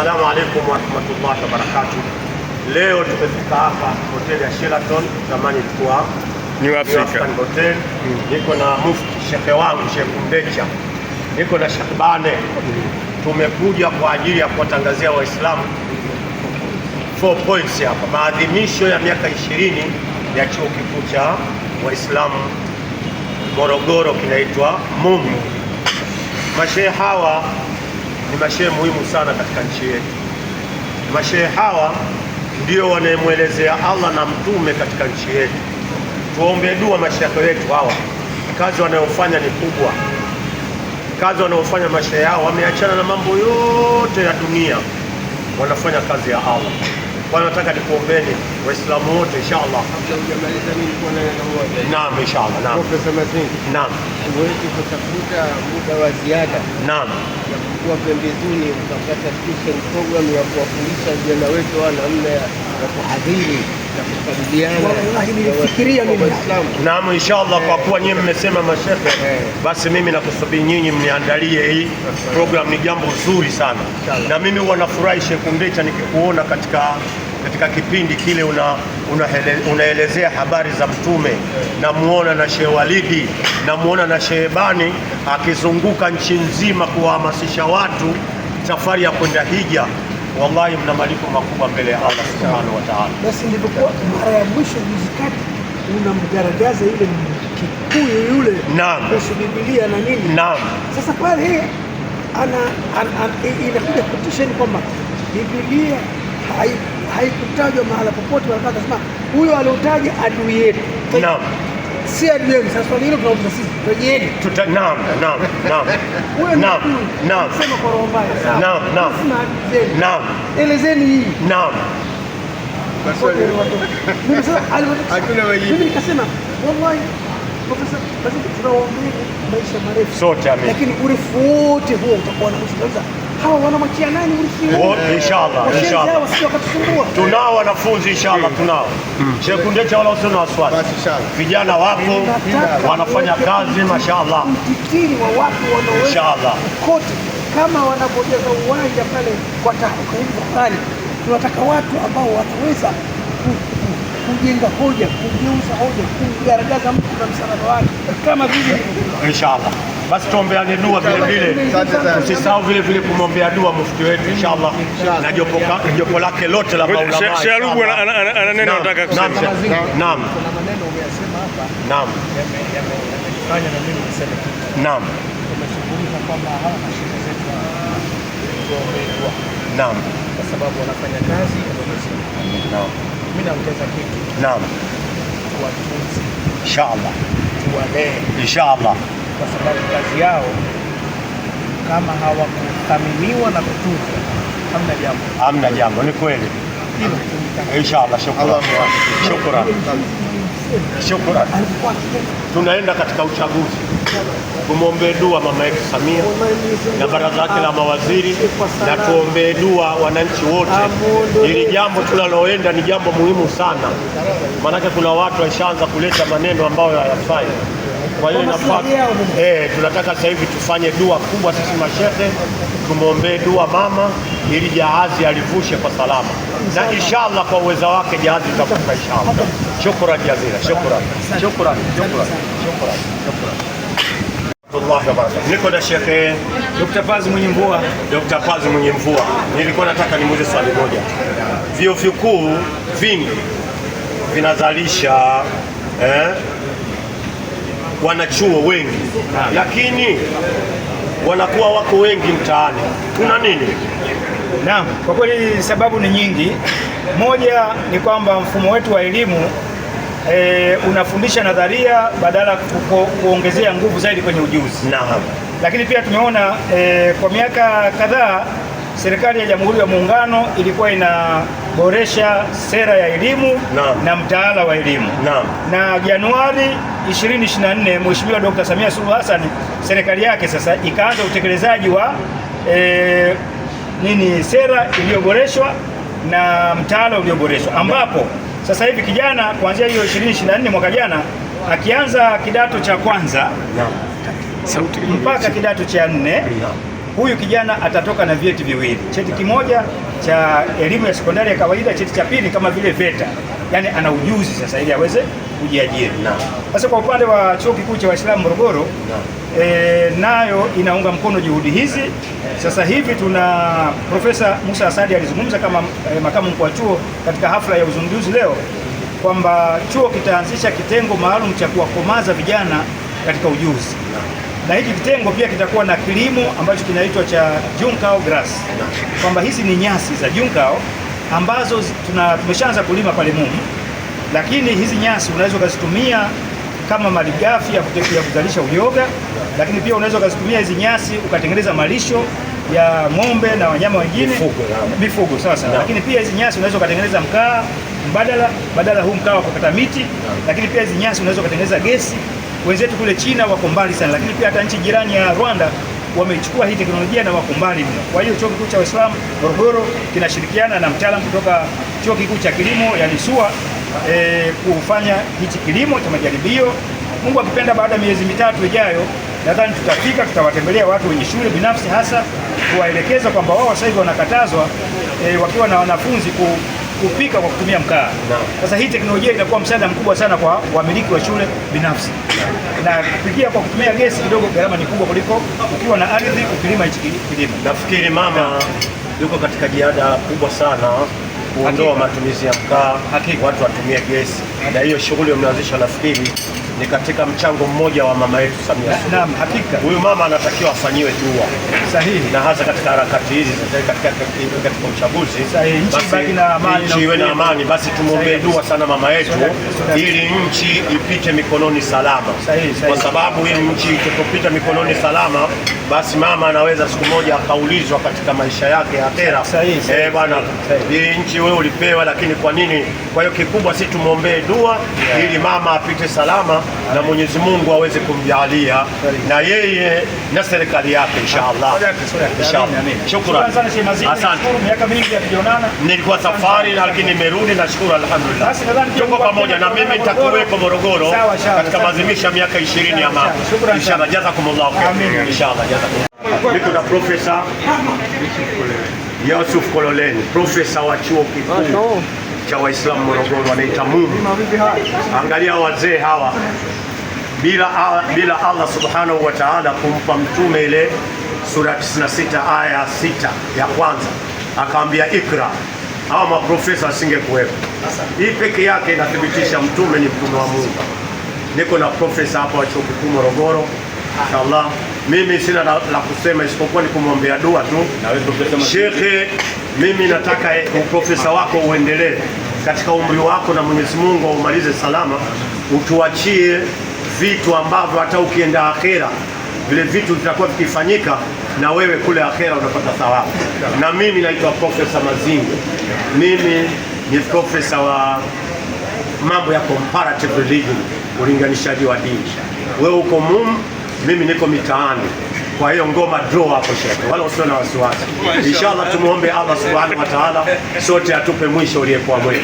Assalamu alaikum warahmatullahi wabarakatuh. Leo tumefika hapa hoteli ya Sheraton, zamani ilikuwa New Africa Hotel. Niko na mufti shehe wangu Sheikh Mbecha, niko na Bane. Tumekuja kwa ajili ya kuwatangazia Waislamu four points hapa, maadhimisho ya miaka ishirini ya chuo kikuu cha Waislamu Morogoro, kinaitwa MUM. Mashehe hawa ni mashehe muhimu sana katika nchi yetu. Mashehe hawa ndio wanayemwelezea Allah na mtume katika nchi yetu. Tuombe dua mashehe wetu hawa, kazi wanayofanya ni kubwa. Kazi wanayofanya mashehe hawa, wameachana na mambo yote ya dunia, wanafanya kazi ya Allah. Bwana, nataka nikuombeni Waislamu wote inshallah. Naam, inshallah. Naam. Profesa Mazingi. Naam. Huwezi kutafuta muda wa ziada. Naam. Ya kuwa pembezoni ukapata program ya kuwafundisha vijana wetu wa namna ya kuhadhiri Naam, inshallah, kwa kuwa nyinyi mmesema mashehe, basi mimi nakusubiri nyinyi mniandalie hii program. Ni jambo zuri sana, na mimi huwa nafurahi Sheikh Mbecha nikikuona katika katika kipindi kile una, una hele, unaelezea habari za Mtume, namuona na Sheikh Walidi, namuona na Sheikh Bani akizunguka nchi nzima kuwahamasisha watu safari ya kwenda hija wallahi mna malipo makubwa mbele ya Allah subhanahu wa ta'ala. Basi nilipokuwa mara ya mwisho juzi unamgaragaza ile Kikuyu yule kuhusu Biblia na nini. Naam. Sasa pale ana, ana, ana inakuja kutisha ni kwamba Biblia haikutajwa hai mahala popote, wanasema huyo aliotaja adui yetu. Naam si adui. Sasa swali hilo tunauliza sisi, rejeeni. Naam, naam, naam, naam, naam, sema kwa roho mbaya, naam, naam, naam, elezeni hii, naam. Mimi nikasema wallahi Profesa, lazima tunawaombea maisha marefu sote, lakini urefu wote huo utakuwa na kusikiliza hawa wanamwachia nani urithi wote? Oh, inshallah inshallah, wakatusumbua. Tunao wanafunzi inshallah, mm. tunao mm. Sheikh Kundecha, wala usio na wasiwasi, vijana wapo wanafanya kazi mashallah, mtikiri wa watu wanaoweza kote kama wanapojaza uwanja pale kwa tahadhari. Tunataka watu ambao wataweza kujenga hoja, kugeuza hoja, kumgaragaza mtu na msalaba wake, kama vile inshallah basi tuombeane dua vile vile, usisahau vile vile kumwombea dua mufti wetu inshallah, na jopo lake lote la maulama. Sheikh ana neno nataka kusema. Naam, naam, naam, naam, kwa sababu wanafanya kazi mimi naongeza kitu. Naam, inshallah, tuwalee inshallah kwa sababu kazi yao kama hawakuthaminiwa na kutuzwa, hamna jambo, hamna jambo. Ni kweli inshallah. Shukrani, shukrani, shukrani. Tunaenda katika uchaguzi tumwombee dua mama yetu Samia na baraza lake la mawaziri, na tuombee dua wananchi wote. Hili jambo tunaloenda ni jambo muhimu sana, maanake kuna watu waishaanza kuleta maneno ambayo hayafai. Kwa hiyo inafaa eh, tunataka sasa hivi tufanye dua kubwa sisi mashehe, tumwombee dua mama ili jahazi alivushe kwa salama, na inshallah kwa uwezo wake jahazi itavuka inshallah. Shukrani jazira, shukrani, shukrani, shukrani, shukrani. shukran. Niko na Sheikh Dr. Pazi mwenye mvua, Dr. Pazi mwenye mvua. Nilikuwa nataka nimuulize swali moja. Vyuo vikuu vingi vinazalisha eh, wanachuo wengi, lakini wanakuwa wako wengi mtaani. Kuna nini? Naam, kwa kweli sababu ni nyingi. Moja ni kwamba mfumo wetu wa elimu e, unafundisha nadharia badala kuko, kuongezea nguvu zaidi kwenye ujuzi. Naam. Lakini pia tumeona e, kwa miaka kadhaa serikali ya Jamhuri ya Muungano ilikuwa inaboresha sera ya elimu na, na mtaala wa elimu na, na Januari 2024 Mheshimiwa Dr. Samia Suluhu Hassan serikali yake sasa ikaanza utekelezaji wa e, nini sera iliyoboreshwa na mtaala ulioboreshwa ambapo sasa hivi kijana kuanzia hiyo 2024 mwaka jana akianza kidato cha kwanza mpaka kidato cha nne huyu kijana atatoka na vyeti viwili, cheti kimoja cha elimu ya sekondari ya kawaida, cheti cha pili kama vile VETA yani ana ujuzi sasa ili aweze kujiajiri. Sasa kwa upande wa Chuo Kikuu cha Waislamu Morogoro na, e, nayo inaunga mkono juhudi hizi. Sasa hivi tuna Profesa Musa Asadi alizungumza kama e, makamu mkuu wa chuo katika hafla ya uzinduzi leo kwamba chuo kitaanzisha kitengo maalum cha kuwakomaza vijana katika ujuzi na hiki kitengo pia kitakuwa na kilimo ambacho kinaitwa cha Junkao grass, kwamba hizi ni nyasi za Junkao ambazo tumeshaanza kulima pale Mumu, lakini hizi nyasi unaweza ukazitumia kama malighafi ya kuzalisha uyoga, lakini pia unaweza ukazitumia hizi nyasi ukatengeneza malisho ya ng'ombe na wanyama wengine mifugo, sawa sawa. Lakini pia hizi nyasi unaweza ukatengeneza mkaa mbadala, badala huu mkaa wa kukata miti. Lakini pia hizi nyasi unaweza ukatengeneza gesi. Wenzetu kule China wako mbali sana, lakini pia hata nchi jirani ya Rwanda wameichukua hii teknolojia na wako mbali mno. Kwa hiyo chuo kikuu cha Waislamu Morogoro kinashirikiana na mtaalamu kutoka chuo kikuu cha kilimo yani SUA e, kufanya hichi kilimo cha majaribio. Mungu akipenda, baada ya miezi mitatu ijayo nadhani tutafika, tutawatembelea watu wenye shule binafsi, hasa kuwaelekeza kwamba wao sasa hivi wanakatazwa e, wakiwa na wanafunzi ku, kupika kwa kutumia mkaa. Sasa hii teknolojia itakuwa msaada mkubwa sana kwa wamiliki wa shule binafsi na kupikia kwa kutumia gesi kidogo gharama ni kubwa kuliko ukiwa na ardhi ukilima hichi kilimo. Nafikiri mama yuko katika jihada kubwa sana kuondoa matumizi ya mkaa, watu watumie gesi, na hiyo shughuli mnaanzisha nafikiri ni katika mchango mmoja wa mama yetu Samia Suluhu. Naam, hakika. Huyu mama anatakiwa afanyiwe dua. Sahihi. Na hasa katika harakati hizi katika uchaguzi, nchi iwe na amani, basi tumwombee dua sana mama yetu ili nchi ipite mikononi salama. Sahihi, sahihi. Kwa sababu hii nchi itapopita mikononi salama, basi mama anaweza siku moja akaulizwa katika maisha yake ya akhera. Eh, bwana, hii nchi wewe ulipewa, lakini kwa nini? Kwa hiyo kikubwa si tumwombee dua ili mama apite salama na Mwenyezi Mungu aweze kumjalia na yeye na serikali yake inshallah. Shukran. Asante. Miaka mingi hatujaonana. Nilikuwa safari lakini nimerudi na shukuru alhamdulillah. Tuko pamoja na mimi nitakuwepo Morogoro katika maadhimisho ya miaka 20 ya mama. Inshallah. Jazakumullah khair. Inshallah. Jazakumullah. Niko na profesa Yusuf Kololeni, profesa wa chuo kikuu cha Waislamu Morogoro wanaita Mungu. Angalia wazee hawa bila, bila Allah subhanahu wa ta'ala kumpa mtume ile sura 96 aya 6 ya kwanza akaambia ikra, hawa maprofesa asingekuwepo. Hii peke yake inathibitisha mtume ni mtume wa Mungu. Niko na profesa hapa wa chuo kikuu Morogoro. Inshallah mimi sina la, la kusema isipokuwa ni kumwombea dua tu shekhe mimi nataka eh, uprofesa wako uendelee katika umri wako, na Mwenyezi Mungu aumalize salama, utuachie vitu ambavyo hata ukienda akhera vile vitu vitakuwa vikifanyika na wewe kule akhera unapata thawabu. Na mimi naitwa Profesa Mazingo, mimi ni profesa wa mambo ya comparative religion, ulinganishaji wa dini. Wewe uko mumu, mimi niko mitaani. Kwa hiyo ngoma draw hapo shekhe, wala usio na wasiwasi. Inshallah tumuombe Allah subhanahu wa ta'ala, sote atupe mwisho uliyekuwa mwema.